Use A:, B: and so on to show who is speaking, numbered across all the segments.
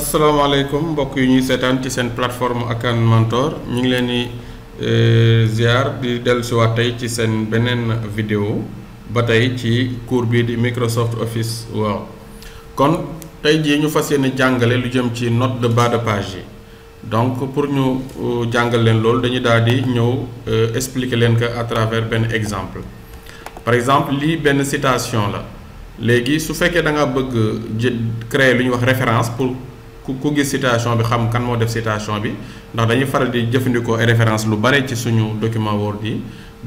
A: asalaamaaleykum mbokk yu ñuy seetaan ci seen plateforme Akan Mentor ñu ngi leen di eh, ziar di dellusiwaat tey ci seen beneen vidéo ba tey ci cours bii di Microsoft Office waaw kon tey jii ñu fas yéene jàngale lu jëm ci note de bas page yi donc pour ñu euh, jàngal leen loolu dañu daal di ñëw euh, expliquer leen ko à travers benn exemple par exemple lii benn situation la léegi su fekkee da nga bëgg jë créer lu ñuy wax référence pour. ku ku gis citation bi xam kan moo def citation bi ndax dañuy faral di jëfandikoo ay référence lu bare ci suñu document Word yi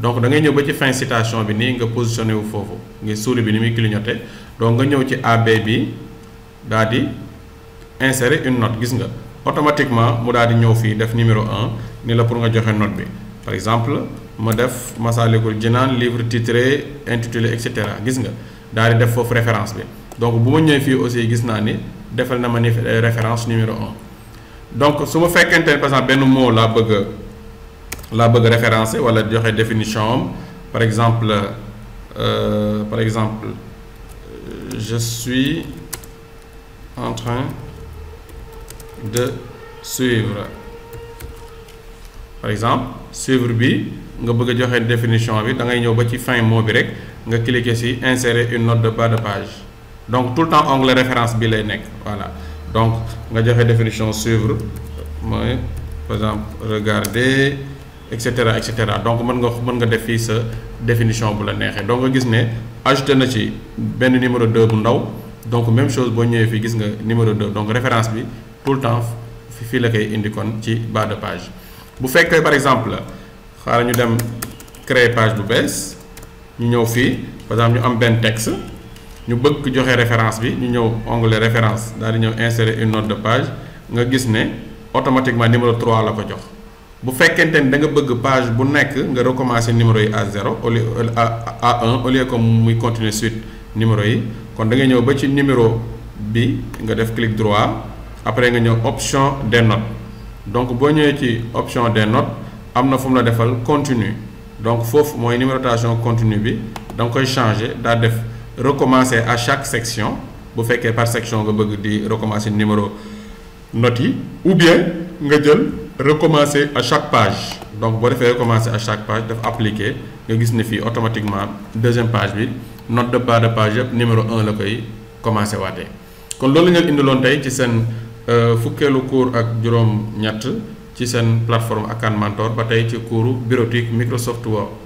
A: donc da ngay ñëw ba ci fin citation bi nii nga positionné wu foofu nga souris bi ni muy clignoté donc nga ñëw ci AB bi daal di insérer une not gis nga automatiquement mu daal di ñëw fii def numéro 1 ni la pour nga joxe note bi par exemple ma def Masaalikul Jinaan livre titré intitulé et cetera gis nga daal di def foofu référence bi donc bu ma ñëwee fii aussi gis naa ni defal na ma ni référence numéro un donc su ma fekkente ne par exemple benn mot laa bëgg laa bëgg référencé wala joxe définition am par exemple euh, exemple je suis en train de suivre par exemple suivre bi nga bëgg a joxe définition bi da ngay ñëw ba ci fin mot bi rek nga cliquer si insérer une note de bas de page donc tout le temps onglet référence bi lay nekk voilà donc nga joxe définition suivre mooy par exemple regarder et cetera et donc mën nga mën nga def fii sa définition bu la neexee donc nga gis ne ajouté na ci benn numéro 2 bu ndaw donc même chose boo ñëwee fii gis nga numéro 2 donc référence bi tout le temps fii la koy indi kon ci bas de page bu fekkee par exemple xaaral ñu dem créer page bu bees ñu ñëw fii par exemple ñu am benn texte. ñu bëgg joxe référence bi ñu ñëw onglet référence daal di ñëw insérer une note de page nga gis ne automatiquement numéro trois la ko jox bu fekkente ni da nga bëgg page bu nekk nga recommencer numéro yi à 0 au lieu à 1 au lieu comme muy continuer suite numéro yi kon da nga ñëw ba ci numéro bi nga def clic droit après nga ñëw option des notes donc boo ñëwee ci option des notes am na fu mu la defal continue donc foofu mooy numérotation continue bi da nga koy changer def. recommencer à chaque section bu fekkee par section nga bëgg di recommencer numéro not yi ou bien nga jël recommencer à chaque page donc boo defee recommencer à chaque page daf appliquer nga gis ne fii automatiquement deuxième page bi note de bas de page yëpp numéro un la koy commencé waatee kon loolu la indiloon tey ci seen euh, fukkeelu cours ak juróom-ñett ci seen plateforme Akan Mentor ba tey ci cours bureautique Microsoft Word